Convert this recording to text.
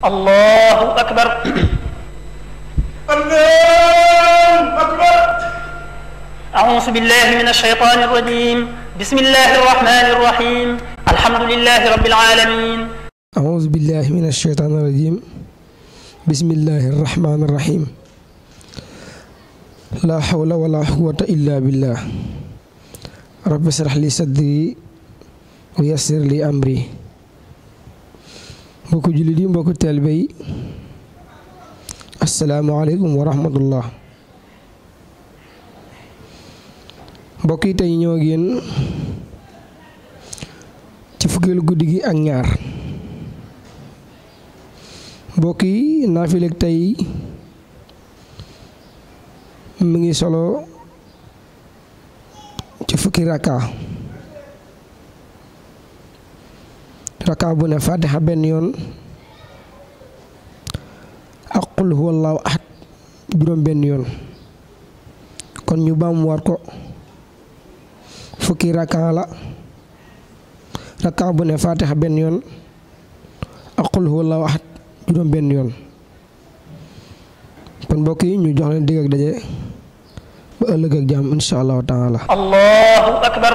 الله أكبر الله أكبر أعوذ بالله من الشيطان الرجيم بسم الله الرحمن الرحيم الحمد لله رب العالمين أعوذ بالله من الشيطان الرجيم بسم الله الرحمن الرحيم لا حول ولا قوة إلا بالله رب اشرح لي صدري ويسر لي أمري mbokku jullit yi mbokku taalibe yi alaykum wa rahmatullah mbokk yi tay ñoo gën ci fukkeelu guddigi ak ñaar mbokk yi tay mi ngi solo ci fukki rakka raka bu ne fatiha ben yon ak qul huwallahu ahad juróom ben yon kon ñu war ko fukki raka la raka bu ne fatiha ben yon ak qul huwallahu ahad juróom ben yon kon mbokk ñu jox leen digg ak daje ba ëlëg ak jàmm inshallah taala allahu akbar